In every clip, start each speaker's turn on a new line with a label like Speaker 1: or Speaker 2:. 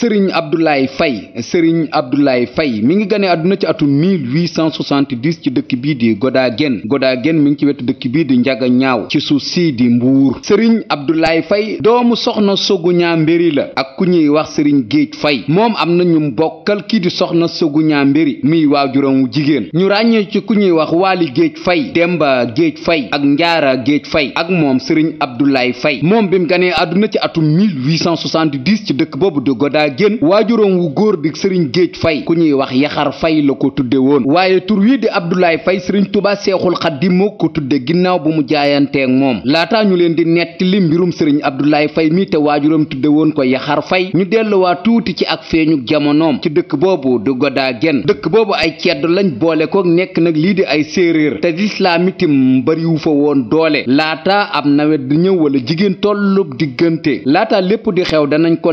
Speaker 1: sëriñ Abdoulaye Faye sëriñ Abdoulaye Faye mi ngi gane àdduna ci atum 1870 ci dëkk bii di Godagen Godagen mu ngi ci wetu dëkk bii di Njaga Ñaaw ci suuf sii di Mbuur sëriñ Abdoulaye Faye doomu soxna Soguña Mbéri la ak ku ñuy wax sëriñ Géej Faye moom am na ñu bokkal kii di soxna Soguña Mbéri muy waajuram wu jigéen ñu ràññee ci ku ñuy wax Waali Géej Faye Demba Géej Faye ak Njaara Géej Faye ak moom sëriñ Abdoulaye Faye moom bi mu ganee àdduna ci atum 1870 ci dëkk boobu génn waajuróom wu góor di sëriñ géej fay ku ñuy wax yaxar fay la ko tudde woon waaye tur wii di abdoulaye fay sëriñ tuba seexul xaddim moo ko tudde ginnaaw bu mu jaayanteeg moom laataa ñu leen di nettali mbirum sëriñ abdoulaye fay mii te waajuróom tudde woon ko yaxar fay ñu delluwaa tuuti ci ak feeñu jamonoom ci dëkk boobu du godaa gen dëkk boobu ay ceddo lañ boole ko nekk nag lii di ay séeréer te lislaam itam bariwu fa woon doole laata ab nawet di ñëw wala jigéen tollub diggante laataa lépp di xew danañ ko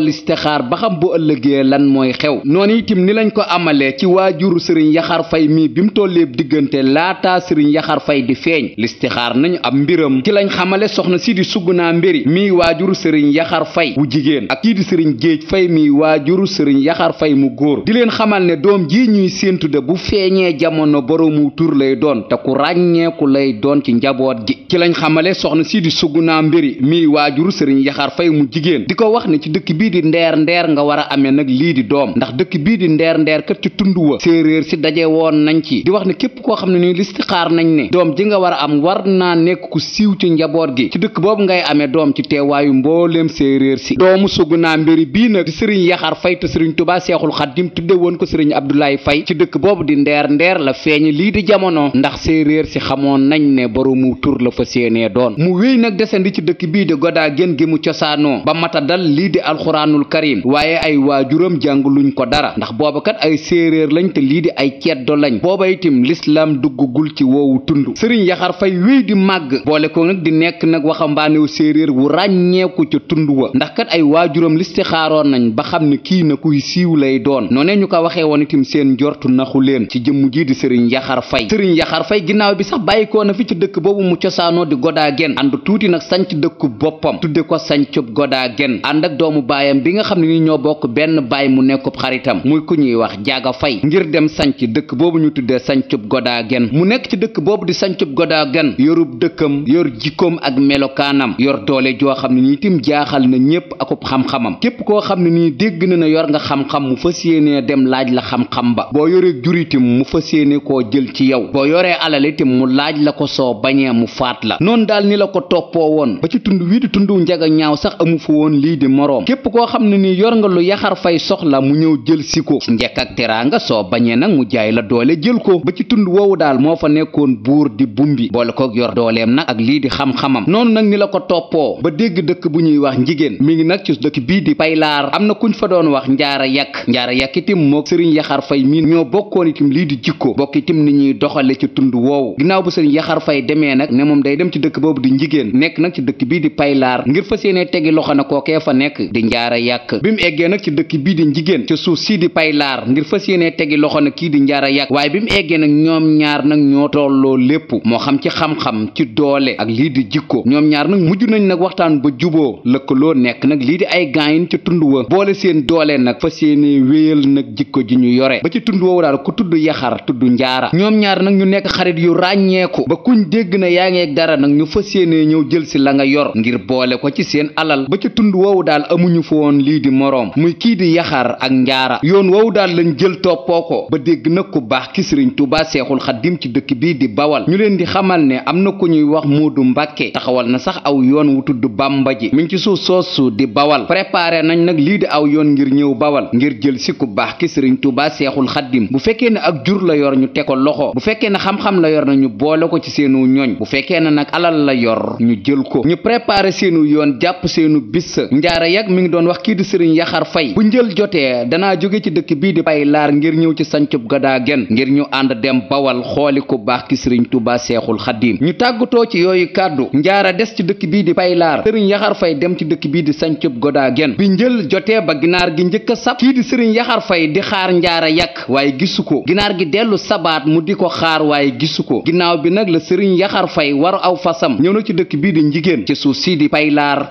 Speaker 1: bu ëllëgee lan mooy xew noonu itam ni lañ ko amalee ci waajuru sëriñ yaxar fay mii bi mu tolleeb diggante laataa sëriñ yaxar fay di feeñ listixaar nañu ab mbiram ci lañ xamale soxna si sugg naa mbiri miy waajuru sëriñ yaxar fay wu jigéen ak kii di sëriñ géej fay miy waajuru sëriñ yaxar fay mu góor di leen xamal ne doom ji ñuy séentu de bu feeñee jamono boroomu tur lay doon te ku ràññeeku lay doon ci njaboot gi ci lañ xamale soxna si di sugg naa mbiri miy waajuru sëriñ yaxar fay mu jigéen di ko wax ne ci dëkk bii di ndeer ndeer nga war a ame nag lii di doom ndax dëkk bii di ndeer ndeer kat ci tund wa séeréer si daje woon nañ ci di wax ne képp koo xam ne nii listixaar nañ ne doom ji nga war am war naa nekk ku siiw ci njaboot gi ci dëkk boobu ngay amee doom ci teewaayu mbooleem séeréer si doomu naa mbiri bii nag di sëriñ yaxar fay te sëriñ tubaa seexul xaddim tudde woon ko sëriñ abdoulaye fay ci dëkk boobu di ndeer ndeer la feeñ lii di jamono ndax séeréer si xamoon nañ ne boroomu tur la fa séenee doon mu wéy nag desandi ci dëkk bii di godaa gén gi mu cosaanoo ba mata dal lii di alxuraanul karim waaye ay waajuram luñ ko dara ndax booba kat ay séeréer lañ te lii di ay ceddo lañ booba itim lislaam duggagul ci woowu tund sëriñ yaxar fay wéy di màgg boole ko nag di nekk nag waxambaanewu séeréer wu ràññeeku ca tund wa ndax kat ay waajuram listixaaroon nañ ba xam ne kii na kuy siiw lay doon noonee ñu ko waxee woon itim seen njortu naxu leen ci jëmm jii di sëriñ yaxar fay sëriñ yaxar fay ginnaaw bi sax bàyyikoo a fi ci dëkk boobu mu cosaanoo di godaa gen ànd tuuti nag sanc dëkku boppam tudde bokk benn baay mu nekkub xaritam muy ku ñuy wax jaaga fay ngir dem sanc dëkk boobu ñu tuddee sancub godaagen mu nekk ci dëkk boobu di sancub godaagen yorub dëkkam yor jikkoom ak melokaanam yor doole joo xam ne nii tim jaaxal na ñépp akub xam-xamam képp koo xam ne nii dégg na na yor nga xam-xam mu fas yéenee dem laaj la xam-xam ba boo yoree juritim mu fas yéene koo jël ci yow boo yoree alal mu laaj la ko soo bañee mu faat la noonu daal ni la ko toppoo woon ba ci tund wii ñaaw sax amu lu yaxar fay soxla mu ñëw jël si njekk ak teraanga soo bañee nag mu jaay la doole jël ko ba ci tund woowu daal moo fa nekkoon buur di bumbi boole kook yor dooleem nag ak lii di xam-xamam noonu nag ni la ko toppoo ba dégg dëkk bu ñuy wax njigéen mi ngi nag ci dëkk bii di paylaar am na kuñ fa doon wax njaara yàkk njaara yàkk moo mook sëriñ yaxar fay miin ñoo bokkoon itim lii di jikko bokk itim ni ñuy doxale ci tund woowu ginnaaw bu sëriñ yaxar fay demee nag ne moom day dem ci dëkk boobu di njigéen nekk nag ci dëkk bii di paylaar ngir fas yéene tegi loxo na kookee fa nekk di njaara jógee nag ci dëkk bii di njigéen ca suuf sii di paylaar ngir fas yéenee tegi loxo nag kii di njaara yàgg waaye bi mu eggee nag ñoom ñaar nag ñoo tolloo lépp moo xam ci xam-xam ci doole ak lii di jikko ñoom ñaar nag mujj nañ nag waxtaan ba juboo lëkkaloo nekk nag lii di ay gaayin ci tund wa boole seen doole nag fas yéenee wéyal nag jikko ji ñu yore ba ci tund woowu daal ku tudd yaxar tudd njaara ñoom ñaar nag ñu nekk xarit yu ràññeeku ba kuñ dégg na yaa ngeeg dara nag ñu fas yéenee ñëw jël si la nga yor ngir boole ko ci seen alal ba ci tund woowu daal amuñu fa lii di moroom muy kii di yaxaar ak njaara yoon woowu daal lañ jël toppoo ko ba dégg nag ku baax ki sëriñ Tuubaa seexul xaddim ci dëkk bii di bawal ñu leen di xamal ne am na ku ñuy wax Moodu Mbàkke taxawal na sax aw yoon wu tudd Bàmba ji mi ngi ci suuf soosu di bawal préparé nañ nag lii di aw yoon ngir ñëw bawal ngir jël si ku baax ki sëriñ Tuubaa seexul xaddim bu fekkee ne ak jur la yor ñu te ko loxo bu fekkee ne xam-xam la yor na ñu boole ko ci seenu ñoñ bu fekkee ne nag alal la yor ñu jël ko ñu préparé seenu yoon jàpp seenu bis njaara yag mi ngi doon wax kii sëriñ yaxar fay bu njël jotee danaa jóge ci dëkk bii di bay laar ngir ñëw ci sancub gadaa gen ngir ñu ànd dem bawal xooli ku baax ki sëriñ tubaa seexul xaddiim ñu tàggatoo ci yooyu kàddu njaara des ci dëkk bii di bay laar sëriñ yaxar fay dem ci dëkk bii di sancub gadaa gen bi njël jotee ba ginaar gi njëkk a sab kii di sëriñ yaxar fay di xaar njaara yàkk waaye gisu ko ginaar gi dellu sabaat mu di ko xaar waaye gisu ko ginnaaw bi nag la sëriñ yaxar fay war aw fasam ñëw na ci dëkk bii di njigéen ci suuf sii di baylaar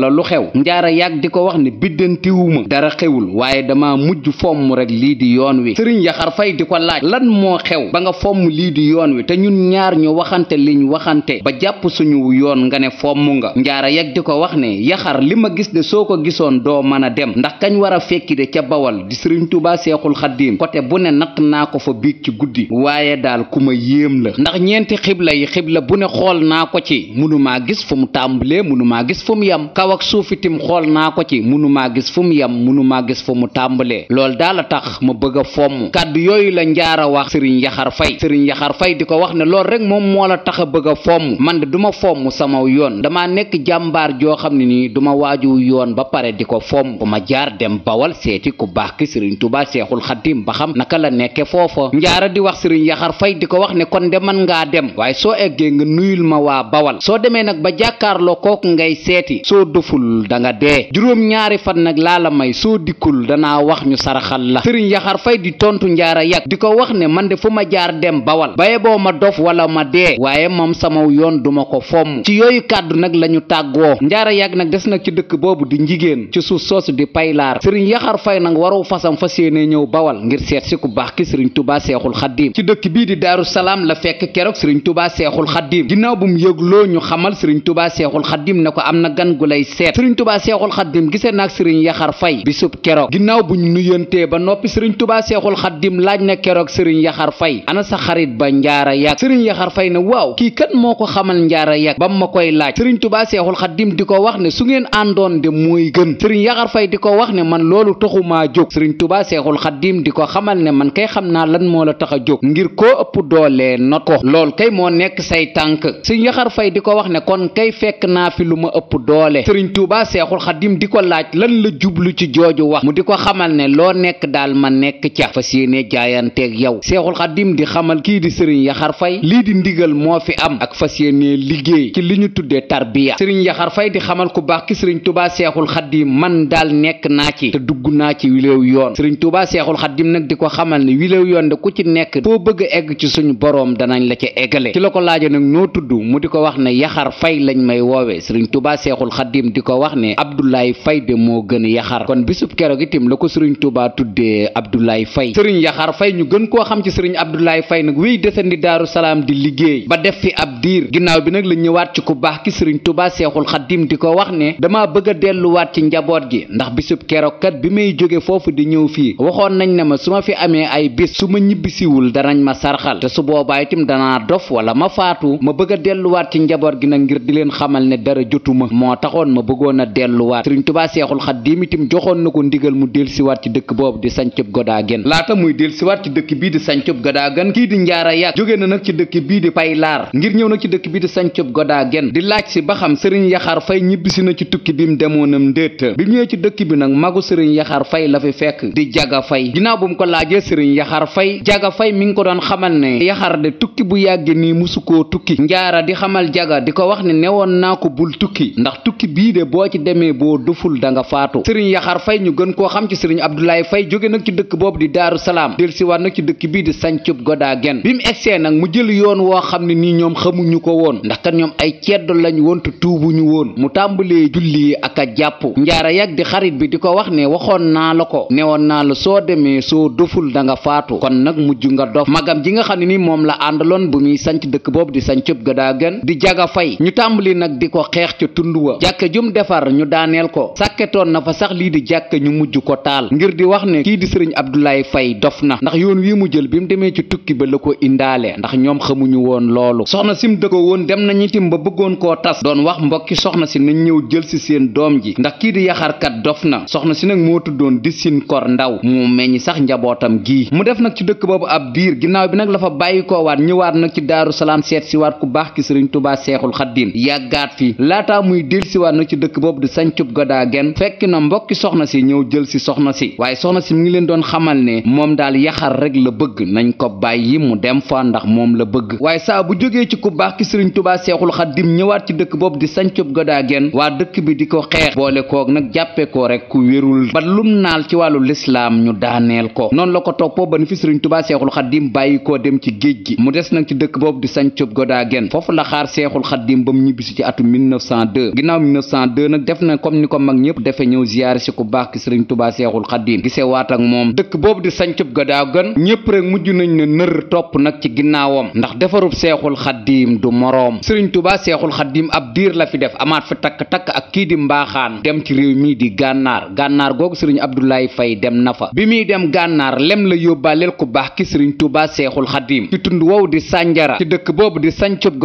Speaker 1: wala lu xew njaara yàgg di ko wax ne biddantiwuma dara xewul waaye dama mujj fomm rek lii di yoon wi sëriñ yaxar fay di ko laaj lan moo xew ba nga fomm lii di yoon wi te ñun ñaar ñu waxante liñ waxante ba jàpp suñu yoon nga ne fomm nga njaara yàgg di ko wax ne yaxar li ma gis de soo ko gisoon doo mën a dem ndax kañ war a fekki de ca bawal di sëriñ tubaa seexul xaddiim côté bu ne natt naa ko fa biig ci guddi waaye daal ku ma yéem la ndax ñeenti xibla yi xibla bu ne xool naa ko ci mënumaa gis fu mu tàmbalee mënumaa kaw ak suuf itam xool naa ko ci mënumaa gis fu mu yem mënumaa gis fu mu tàmbalee loolu daal a tax ma bëgg a fomm kàddu yooyu la njaara wax sëriñ yaxar fay sëriñ yaxar fay di ko wax ne lool rek moom moo la tax a bëgg a fomm man de duma fomm sama yoon damaa nekk jàmbaar joo xam ne nii duma waaju yoon ba pare di ko fomm ku ma jaar dem bawal seeti ku baax ki sëriñ tubaa seexul xaddim ba xam naka la nekke foofa njaara di wax sëriñ yaxar fay di ko wax ne kon de man dem nga deful da nga dee juróom-ñaari fan nag laa la may soo dikkul danaa wax ñu saraxal la sëriñ yaxar fay di tontu njaara yàgg di ko wax ne man de fu ma jaar dem bawal baye boo ma dof wala ma dee waaye moom sama yoon duma ko fomm ci yooyu kàddu nag lañu tàggoo njaara yàgg nag des nag ci dëkk boobu di njigéen ci suuf soosu di paylaar sëriñ yaxar fay nag waru fasam fas yéene ñëw bawal ngir seet si ku baax ki sëriñ tubaa seexul xaddiim ci dëkk bii di daaru salaam la fekk keroog sëriñ tubaa seexul xaddiim ginnaaw bu mu yëgloo ñu xamal sëriñ tubaa seexul xaddiim lay seet sëriñ tubaa seexul xaddim gisee naag sëriñ yaxar fay bisub keroog ginnaaw bu ñu nuyantee ba noppi sëriñ tubaa seexul xaddim laaj na keroog sëriñ yaxar fay ana sa xarit ba a yàgg sëriñ yaxar fay na waaw kii kan moo ko xamal njaara yàgg ba ma koy laaj sëriñ tubaa seexul xaddim di ko wax ne su ngeen àndoon de mooy gën sëriñ yaxar fay di ko wax ne man loolu taxumaa jóg sëriñ tubaa seexul xaddim di ko xamal ne man kay xam naa lan moo la tax a jóg ngir ko lool kay moo nekk say tànk sëriñ yaxar fay di ko wax ne kon kay sëriñ tuuba seexul xadim di ko laaj lan la jublu ci jooju wax mu di ko xamal ne loo nekk daal ma nekk ca fas yéene jaayanteeg yow seexul xadim di xamal kii di sëriñ yaxar fay lii di ndigal moo fi am ak fas yéene liggéey li ñu tuddee tarbiya sëriñ yaxar fay di xamal ku baax ki sëriñ tuuba seexul xadim man daal nekk naa ci dugg naa ci wileew yoon sëriñ tuuba seexul xadim nag di ko xamal ne wileew yoon de ku ci nekk foo bëgg egg ci suñu boroom danañ la ca eggale ci la ko laaje nag noo tudd mu di ko wax ne yaxar fay lañ may woowe sëriñ tuuba seexul xadim itim di ko wax ne Abdoulaye Faye de moo gën yaxar kon bisub keroog itim la ko sëriñ Touba tuddee Abdoulaye Faye sëriñ yaxar Faye ñu gën koo xam ci sëriñ Abdoulaye Faye nag wiy desandi Daaru Salaam di liggéey ba def fi ab diir ginnaaw bi nag la ñëwaat ci ku baax ki sëriñ Touba Seexul Xaddim di ko wax ne dama bëgg a delluwaat ci njaboot gi ndax bisub keroog kat bi may jóge foofu di ñëw fii waxoon nañ ne ma su ma fi amee ay bis su ma ñibbisiwul danañ ma sarxal su boobaa itim danaa dof wala ma faatu ma bëgg a delluwaat ci njaboot gi nag ngir di leen taxoon ma bëggoon a delluwaat sëriñ tubaa seexul xaddiim itam joxoon na ko ndigal mu delsiwaat ci dëkk boobu di sancub godaagen laata muy delsiwaat ci dëkk na nag ci dëkk bii di pay laar ngir di sancub godaagen di laaj si ba xam sëriñ yaxar fay ñibbisi na ci tukki bi mu demoonam ndéet bi mu ñëwee ci dëkk bi nag magu sëriñ yaxar fay la fi fekk di jaga fay ginnaaw bu mu ko laajee sëriñ yaxar fay jaga fay mi ngi ko doon xamal ne yaxar de tukki bu yàgg nii musu ko tukki njaara di xamal jaga di ko wax ne newoon naa lii de boo ci demee boo dëful danga nga faatu sëriñ yaxar fay ñu gën koo xam ci sëriñ abdoulaye fay jóge nag ci dëkk boobu di daaru salaam del si nag ci dëkk bii di sancub godaa gen bi mu egsee nag mu jël yoon woo xam ne nii ñoom xamuñu ko woon ndax ñoom ay ceddo lañ woon te tuubuñu woon mu tàmbalee julli ak a jàpp njaara yag di xarit bi di ko wax ne waxoon naa la ko newoon naa la soo demee soo dëful da nga faatu kon nag mujj nga dof magam ji nga xam ne nii moom la àndaloon bu muy sanc dëkk boobu di sancub godaa gen di jaga fay ñu tàmbali nag di ko xeex ca tund wa jàkka jum defar ñu daaneel ko sàkketoon na fa sax lii di jàkk ñu mujj ko taal ngir di wax ne kii di sëriñ Abdoulaye Faye dof na ndax yoon wii mu jël bi mu demee ci tukki ba la ko indaale ndax ñoom xamuñu woon loolu soxna mu dëkko woon dem nañu itam ba bëggoon koo tas doon wax mbokki soxna si nañ ñëw jël si seen doom ji ndax kii di yaxarkat dof na soxna si nag moo tuddoon di sin kor ndaw mu meññi sax njabootam gii mu def nag ci dëkk boobu ab diir ginnaaw bi nag la fa bàyyi koo waat ñëwaat nag ci daaru salaam seet si waat baax ki sëriñ tubaa seexul xaddim yàggaat na ci dëkk boobu di sancub Godaagen fekk na mbokki soxna si ñëw jël si soxna si waaye soxna si mi ngi leen doon xamal ne moom daal yaxar rek la bëgg nañ ko bàyyi mu dem fa ndax moom la bëgg waaye saa bu jógee ci ku baax ki sëriñ tubaa seexul xaddim ñëwaat ci dëkk boobu di sancub gen waa dëkk bi di ko xeex boole koog nag jàppee ko rek ku wérul ba lum naal ci wàllu lislaam ñu daaneel ko noonu la ko toppoo ba ni fi sëriñ tubaa seexul xaddim bàyyi koo dem ci géej gi mu des nag ci dëkk boobu di sancub Godaagen foofu la 1902 nag def na comme ni ko mag ñëpp defe ñëw ziyaar si ku baax ki sëriñ tubaa seexul xaddiim gisee waat moom dëkk boobu di sancub Gadaagan ñëpp rek mujj nañ ne nër topp nag ci ginnaawam ndax defarub seexul xaddiim du moroom sëriñ tubaa seexul xaddiim ab diir la fi def amaat fi takk-takk ak kii di mbaaxaan dem ci réew mii di gànnaar gànnaar googu sëriñ Abdoulaye Faye dem na fa bi muy dem gànnaar lem la yóbbaaleel ku baax ki sëriñ tubaa seexul xaddiim ci tund wow di sànjara ci dëkk boobu di sancub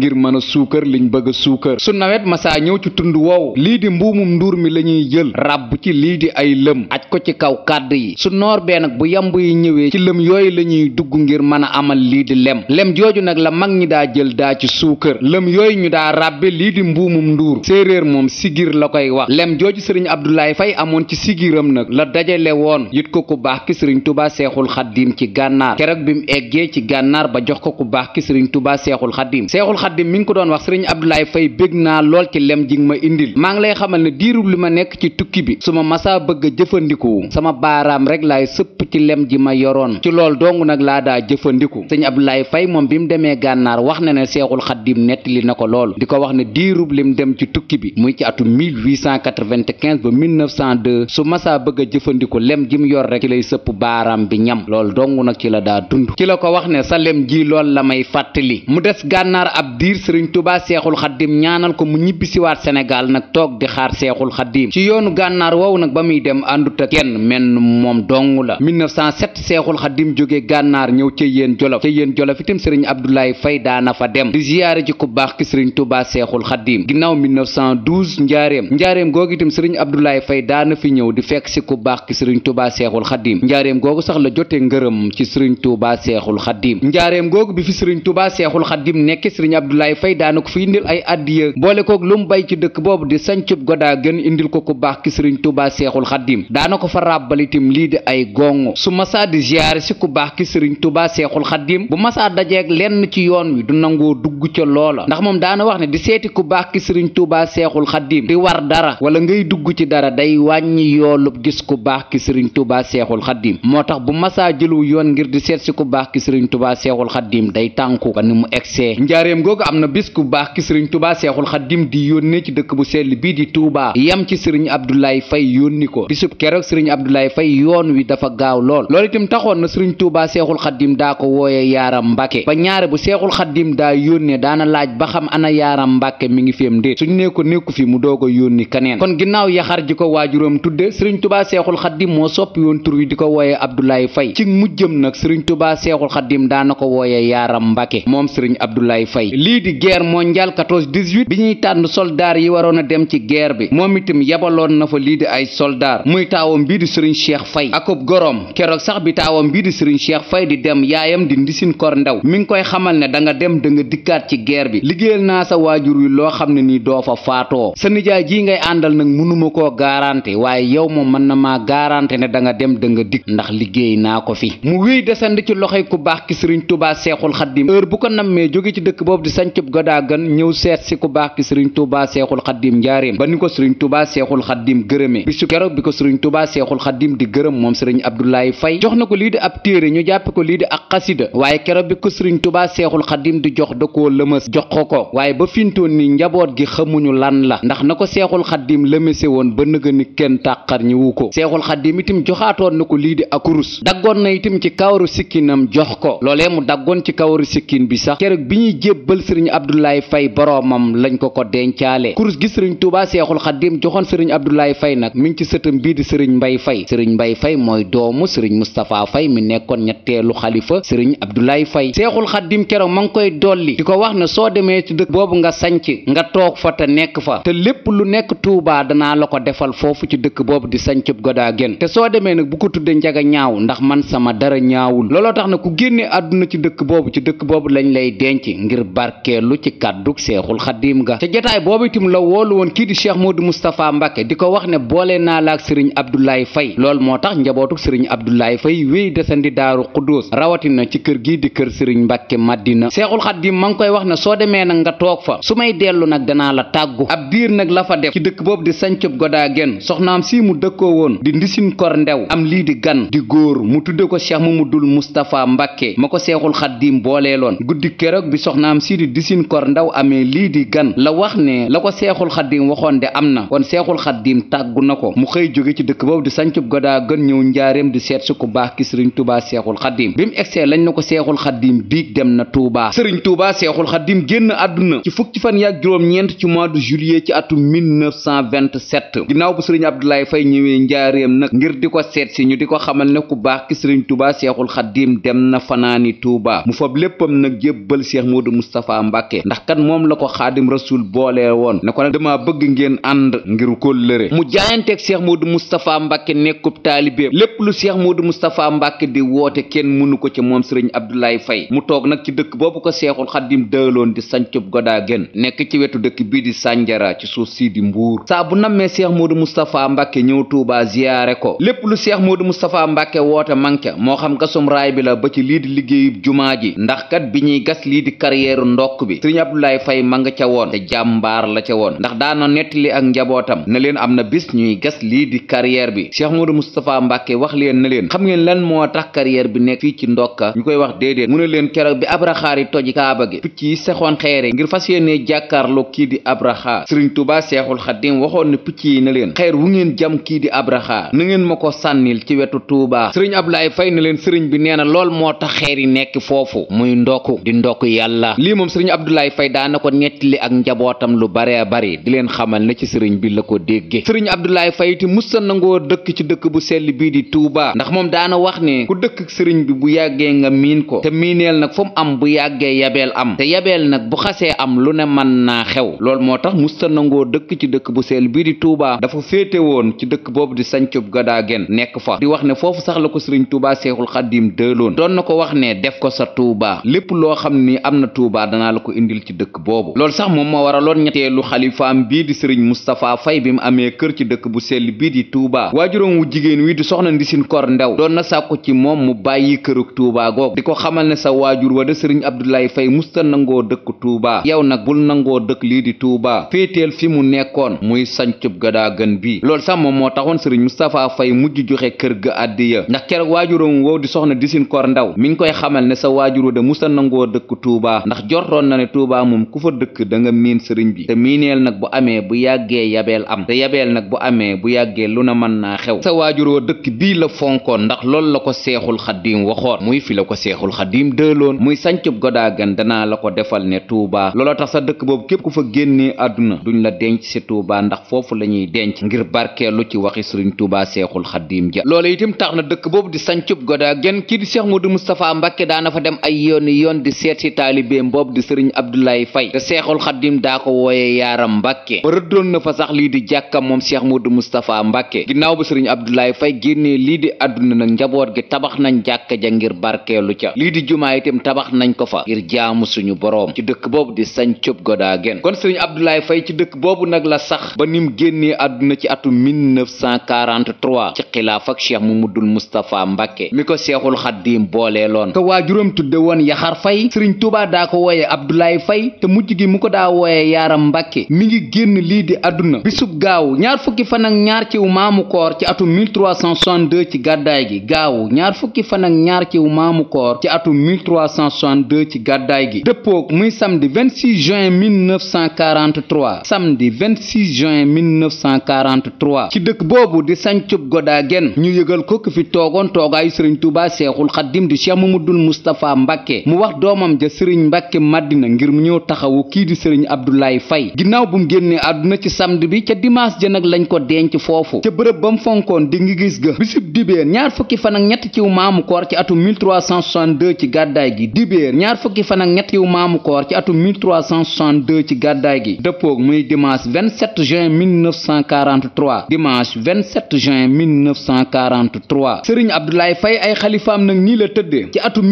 Speaker 1: ngir mën a suukar liñ bëgg a suukar su nawet masaa ñëw ci tund woow lii di mbuumum nduur mi la ñuy jël ràbb ci lii di ay lëm aj ko ci kaw kàdd yi su noor bee nag bu yamb yi ñëwee ci lëm yooyu la ñuy dugg ngir mën a amal lii di lem lem jooju nag la mag ñi daa jël daa ci suukar lëm yooyu ñu daa ràbbe lii di mbuumum nduur séeréer moom sigir la koy wax lem jooju sëriñ Abdoulaye fay amoon ci sigiram nag la dajale woon yit ko ku baax ki sëriñ Tuubaa Seexul Xaddiim ci gànnaar keroog bi mu eggee ci gànnaar ba jox ko ku baax ki sëriñ Tuubaa Seexul Xaddim mi doon wax sëriñ Abdoulaye Faye bég naa lool ci lem ji ma indil maa ngi lay xamal ne diirub li ma nekk ci tukki bi su ma masaa bëgg a jëfandiku sama baaraam rek laay sëpp ci lem ji ma yoroon ci lool dong nag laa daa jëfandiku sëñ Abdoulaye Faye moom bi mu demee gànnaar wax na ne seexul Xaddim nettali na ko lool di ko wax ne diirub lim dem ci tukki bi muy ci atu 1895 ba 1902 su masaa bëgg a jëfandiku ji mu yor rek ci lay sëpp baaraam bi ñam lool dong nag ci la daa dund ci la ko wax ne sa lem ji lool la may fàttali mu des gànnaar ab diir sëriñ tubaa seexul xaddim ñaanal ko mu ñibbisiwaat sénégal nag toog di xaar seexul xaddim ci yoonu gànnaar wow nag ba muy dem àndut ak kenn menn moom dong la 1907 seexul xaddim jóge gànnaar ñëw ci yéen jolof ca yéen jolof itam sëriñ abdoulaye fay daana fa dem di ziyaare ji ku baax ki sëriñ tubaa seexul xaddim ginnaaw 1912 njaareem njaareem googu itam sëriñ abdoulaye fay daana fi ñëw di fekk si ku baax ki sëriñ tubaa seexul xaddim njaareem googu sax la jote ci sëriñ tubaa seexul xaddim njaareem Abdoulaye Faye daana ko fi indil ay addiya boole kook lu mu bay ci dëkk boobu di sancub godaa gën indil ko ku baax ki sëriñ Tuubaa Seexul Xaddiim daana ko fa ràbbalitim lii di ay gongo su masaa di ziyaare si ku baax ki sëriñ Tuubaa Seexul Xaddiim bu masaa dajeek lenn ci yoon wi du nangoo dugg ca loola ndax moom daana wax ne di seeti ku baax ki sëriñ Tuubaa Seexul Xaddiim di war dara wala ngay dugg ci dara day wàññi yoolub gis ku baax ki sëriñ Tuubaa Seexul Xaddiim moo tax bu masaa jëluw yoon ngir di seet si ku baax ki sëriñ Tuubaa Seexul Xaddiim day tànku ba ni mu egsee njaareem googu am na bis ku baax ki sëriñ tubaa seexul xaddim di yónnee ci dëkk bu sell bii di tuubaa yam ci sëriñ abdoulaye fay yónni ko bisub keroog sëriñ abdoulaye fay yoon wi dafa gaaw lool loolu itam taxoon na sëriñ tuubaa seexul xaddim daa ko wooye yaaram mbàkke ba ñaare bu seexul xaddim daa yónnee daana laaj ba xam ana yaaram mbàkke mi ngi fiem déet suñ nee ko nekku fi mu doog a yónni kaneen kon ginnaaw yaxar ji ko waajuram tudde sëriñ tubaa seexul xaddim moo soppi woon tur wi di ko wooye abdoulaye fay ci mujjëm nag sëriñ tubaa seexul xaddim daana ko wooye yaaram mbàkke moom sëriñ abdoulaye fay lii di guerre mondiale 14 18 bi ñuy tànn soldaar yi waroon a dem ci guerre bi moom itam yabaloon na fa lii di ay soldaar muy taawam bii di sëriñ Cheikh Faye akub goroom keroog sax bi taawam bii di sëriñ Cheikh Faye di dem yaayam di ndisin kor ndaw mi ngi koy xamal ne danga dem da nga dikkaat ci geer bi liggéeyal naa sa waajur wi loo xam ne nii doo fa faatoo sa nijaay ji ngay àndal nag mënuma koo garanti waaye yow moom mën na maa garanti ne da nga dem da nga dikk ndax liggéey naa ko fi mu sancub Godaagan ñëw seet si ku baax ki sëriñ Tuubaa Seexul Xaddim njaareem ba ni ko sëriñ Tuubaa Seexul Xaddim ko sëriñ Tuubaa Seexul Xaddim di gërëm moom sëriñ Abdoulaye Faye jox na ko lii di ab téere ñu jàppe ko lii di ak xasida waaye keroog bi ko sëriñ Tuubaa Seexul Xaddim di jox da koo lëmës jox ko ko waaye ba fintoon ni njaboot gi xamuñu lan la ndax na ko Seexul Xaddim lëmëse woon ba nëga ni kenn tàqar ñi wu ko Seexul Xaddim itam joxaatoon na ko lii di ak kurus daggoon na itam ci kawaru sikkinam jox ko loolee mu daggoon ndigalal sëriñ Abdoulaye Faye boroomam lañ ko ko dencaale kurus gi sëriñ Touba Seexul Xaddim joxoon sëriñ Abdoulaye Faye nag mi ngi ci sëtam bii di sëriñ Mbay Faye sëriñ Mbay fay mooy doomu sëriñ Moustapha fay mi nekkoon ñetteelu xalifa sëriñ Abdoulaye fay Seexul Xaddim keroog ma ngi koy dolli di ko wax ne soo demee ci dëkk boobu nga sanc nga toog fa te nekk fa te lépp lu nekk Touba danaa la ko defal foofu ci dëkk boobu di sancub Godaagen te soo demee nag bu ko tudde njaga ñaaw ndax man sama dara ñaawul looloo tax na ci dëkk boobu ci dëkk boobu lañ barkeelu ci kàddug seexul xaddiim ga ca jataay boobu itam la woolu woon kii di cheikh Modou Moustapha Mbacke di ko wax ne boole naa la ak sëriñ Abdoulaye Faye loolu moo tax njabootuk sëriñ Abdoulaye Faye wéy desandi daaru Xuddoos rawatina ci kër gii di kër sëriñ Mbacke Madina seexul xaddiim ma ngi koy wax na soo demee nag nga toog fa su may dellu nag danaa la tàggu ab diir nag la fa def ci dëkk boobu di sancub godaa genn soxnaam si mu dëkkoo woon di ndisin kor ndew am lii di gan di góor mu tudde ko cheikh Mamadou Moustapha Mbacke ma ko seexul xaddiim booleeloon guddi keroog bi soxnaam si di disin kor ndaw amee lii di gan la wax ne la ko seexul xaddiim waxoon de am na kon seexul xaddiim tàggu na ko mu xëy jóge ci dëkk boobu di sancub godaa gën ñëw njaareem di seet su ku baax ki sëriñ tuubaa seexul xaddiim bi mu egsee lañ na ko seexul xaddiim biig dem na tuubaa sëriñ tuubaa seexul xaddiim génn àdduna ci fukki fan yaag juróom-ñeent ci mois de juillet ci atum 1927 ginnaaw bu sëriñ Abdoulaye Faye ñëwee njaareem nag ngir di ko seet ñu di ko xamal ne ku baax ki sëriñ tuubaa Moustapha Mbàkke ndax kat moom la ko xaadim rasul boolee woon ne ko nag dama bëgg ngeen ànd ngir kóllëre mu jaayanteeg Cheikh Modou Moustapha Mbàkke nekkub taalibeem lépp lu Cheikh Modou Moustapha Mbàkke di woote kenn mënu ko ci moom sëriñ Abdoulaye Faye mu toog nag ci dëkk boobu ko seexul xaddim dëloon di sancub godaa gén nekk ci wetu dëkk bii di sànjara ci suuf sii di mbuur saa bu nammee Cheikh Modou Moustapha Mbàkke ñëw Tuubaa ziyaare ko lépp lu Cheikh moo ba ci lii di liggéeyub jumaa ji ndax ndokk bi sëriñ Abdoulaye Faye ma nga ca woon te jàmbaar la ca woon ndax daana nettali na leen am na bis ñuy gas di carrière bi Cheikh Modou Moustapha Mbacke wax leen na leen xam ngeen lan moo tax carrière bi nekk fii ci ndokka ñu koy wax déedéet mu ne leen keroog bi abraxaar yi toji kaaba gi picc yi ngir fas yéenee jàkkaarloo kii di abraxaar sëriñ Touba Seexul Xaddim waxoon ne picc na leen xeer wu ngeen jam kii di abraxaar na ngeen ma ko sànnil ci wetu Touba sëriñ Abdoulaye Faye na leen bi nee na lool moo tax xeer yi nekk foofu muy ndokku di ndokku yàlla lii moom sëriñ Abdoulaye Faye daana ko nettali ak njabootam lu bare bari di leen xamal na ci sëriñ bi la ko dégge sëriñ Abdoulaye fay ti musta nangoo dëkk ci dëkk bu sell bii di Touba ndax moom daana wax ne ku dëkk sëriñ bi bu yàggee nga miin ko te miineel nag fu mu am bu yàggee yabeel am te yabeel nag bu xasee am lu ne mën naa xew loolu moo tax musta nangoo dëkk ci dëkk bu sell bii di Touba dafa féete woon ci dëkk boobu di sancub Gadaagen nekk fa di wax ne foofu sax la ko sëriñ Touba Seexul Xaddiim dëloon doon na ko wax ne def ko sa Touba lépp loo danaa la ko indil ci dëkk boobu loolu sax moom moo waraloon ñetteelu xalifaam bii di sëriñ Moustapha Faye bi mu amee kër ci dëkk bu sell bii di Touba waajuróom wu jigéen wi di soxna Ndisine Kor Ndaw doon na sàkku moom mu bàyyi kërug Touba googu di ko xamal ne sa waajur wa da sëriñ Abdoulaye Faye musta nangoo dëkk Touba yow nag bul nangoo dëkk lii di Touba féeteel fi mu nekkoon muy sancub gadaa gën bi lool sax moom moo taxoon sëriñ Moustapha fay mujj joxe kër ga àddiya ndax keroog waajuróom woow di soxna Ndisine Kor Ndaw mi koy xamal ne sa waajur wa da musta nangoo dëkk Touba ndax waxoon na ne Touba moom ku fa dëkk da nga miin sëriñ bi te miineel nag bu amee bu yàggee yabeel am te yabeel nag bu amee bu yàggee lu na man naa xew sa waajuroo dëkk bii la fonkoon ndax loolu la ko seexul xaddiim waxoon muy fi la ko seexul xaddiim dëloon muy sancub godaagan danaa la ko defal ne Touba looloo tax sa dëkk boobu képp ku fa génnee àdduna duñ la denc si Touba ndax foofu la ñuy denc ngir lu ci waxi sëriñ Touba seexul xaddiim ja loolu itam tax na dëkk boobu di sëriñ Abdoulaye Faye te seexul xaddim daa ko wooye yaaram mbàkke ba rëddoon na fa sax lii di jàkka moom seex Modou Moustapha Mbàkke ginnaaw ba sëriñ Abdoulaye Faye génnee lii di àdduna nag njaboot gi tabax nañ jàkka ja ngir barkeelu ca lii di jumaa itam tabax nañ ko fa ngir jaamu suñu boroom ci dëkk boobu di sañ cub Godagen kon sëriñ Abdoulaye Faye ci dëkk boobu nag la sax ba nim génnee àdduna ci atum 1943 ci xilaaf ak cheikh Mamadou Moustapha Mbàkke mi ko seexul xaddim booleeloon ko waajuram tudde woon Yaxar wooye Abdoulaye Faye te mujj gi mu ko daa wooye Yaaram Mbàkke mi ngi génn lii di àdduna bisub gaaw ñaar fukki fan ak ñaar ciw maamu koor ci atum 1362 ci gàddaay gi gaaw ñaar fukki fan ak ñaar ciw maamu koor ci atum 1362 ci gàddaay gi dëppoog muy samedi 26 juin 1943 samedi 26 juin 1943 ci dëkk boobu di sancub godaa gen ñu yëgal ko ki fi toogoon toogaayu sëriñ Tuubaa Seexul Xaddim di Cheikh Mamadul Moustapha Mbàkke mu wax doomam ja sëriñ Mbàkke Madina ngir mu ñëw taxawu kii di sëriñ Abdoulaye Faye ginnaaw bu mu génnee àdduna ci samedi bi ca dimanche ja nag lañ ko denc foofu ca bërëb ba mu fonkoon di ngi gis ga bisub dibéer ñaar fukki fan ak ñett ciw maamu koor ci atum 1362 ci gàddaay gi dibéer ñaar fukki fan ak ñett ciw maamu koor ci atum 1362 ci gàddaay gi dëppoog muy dimanche 27 juin 1943 dimanche 27 juin 1943 sëriñ Abdoulaye Faye ay xalifaam nag nii la tëddee ci atum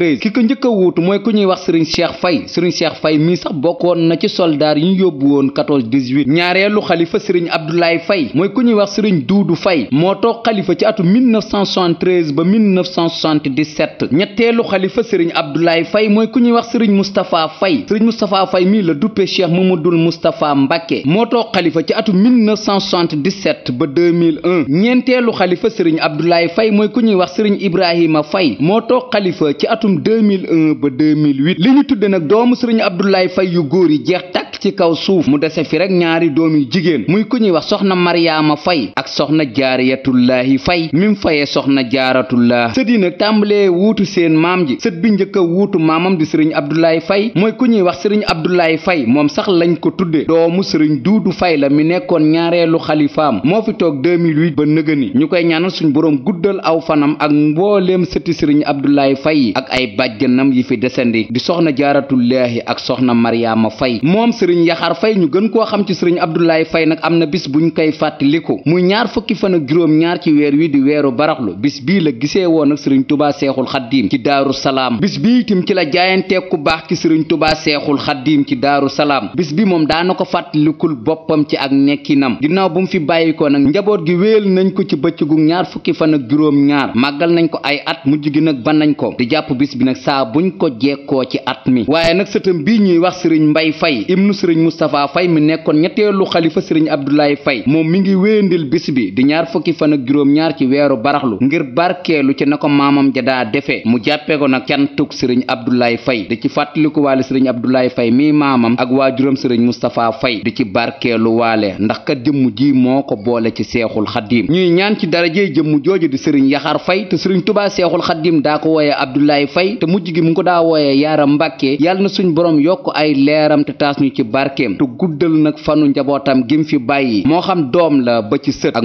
Speaker 1: ba 2013 ki ko njëkk a wuutu mooy ku ñuy wax Serigne Cheikh Faye Serigne Cheikh Faye mii sax bokkoon na ci soldaar yi ñu yóbbu woon 14 18 ñaareelu xalifa Serigne Abdoulaye Faye mooy ku ñuy wax Serigne Doudou Faye moo toog xalifa ci atu 1973 ba 1977 ñetteelu xalifa Serigne Abdoulaye Faye mooy ku ñuy wax Serigne Moustapha Faye Serigne Moustapha Faye mii la duppee Cheikh Mamadou Moustapha Mbacké moo toog xalifa ci atu 1977 ba 2001 ñeenteelu xalifa Serigne Abdoulaye Faye mooy ku ñuy wax Serigne Ibrahima Faye moo toog xalifa ci atu atum 2001 ba 2008 li ñu tudde nag doomu sëriñ Abdoulaye Faye yu góor yi jeex tak ci kaw suuf mu dese fi rek ñaari doomi jigéen muy ku ñuy wax soxna maryaama fay ak soxna jaariyatullaahi fay mim fayee soxna jaaratullaah sët yi nag tàmbalee seen maam sët bi njëkk a maamam di sëriñ abdoulaye fay mooy ku ñuy wax sëriñ abdoulaye fay moom sax lañ ko tudde doomu sëriñ duudu fay la mi nekkoon ñaareelu xalifaam moo fi toog 2008 ba nëgëni ñu koy ñaanal suñ boroom guddal aw fanam ak mbooleem sëti sëriñ abdoulaye fay yi ak ay bàjjanam yi fi desandi di soxna jaaratullaahi ak soxna maryaama fay moom sëriñ yaxaar fay ñu gën koo xam ci sëriñ abdoulaye fay nag am na bis ñu koy fàttaliku muy ñaar fukki fa ak juróom ñaar ci weer wi di weeru baraxlu bis bii la gisee woon ak sëriñ tubaa seexul xaddiim ci daaru salaam bis bi itam ci la jaayantee ku baax ci sëriñ tubaa seexul xaddiim ci daaru salaam bis bi moom daana ko fàttalikul boppam ci ak nekkinam ginnaaw bu mu fi bàyyi ko nag njaboot gi wéel nañ ko ci bëccëgu ñaar fukki fan ak juróom ñaar màggal nañ ko ay at mujj gi nag ban nañ ko di jàpp bis bi nag saa buñ ko jekkoo ci at mi waaye nag sëtam mbay fay sëriñ Moustapha Faye mi nekkoon ñetteelu xalifa sëriñ Abdoulaye Faye moom mi ngi wéyandil bis bi di ñaar fukki fan ak juróom-ñaar ci weeru baraxlu ngir barkeelu ci na ko maamam ja daa defee mu jàppee ko nag cantug sëriñ Abdoulaye Faye di ci fàttaliku waale sëriñ Abdoulaye Faye mi maamam ak waajuram sëriñ Moustapha Faye di ci barkeelu waale ndax kat jëmm ji moo ko boole ci seexul xaddiim ñuy ñaan ci darajey jëmm jooju di sëriñ Yaxar Faye te sëriñ Tubaa se xaddiim daa ko wooye Abdoulaye Faye te barkeem te guddal nag fanu njabootam gim fi bàyyi moo xam doom la ba ci sët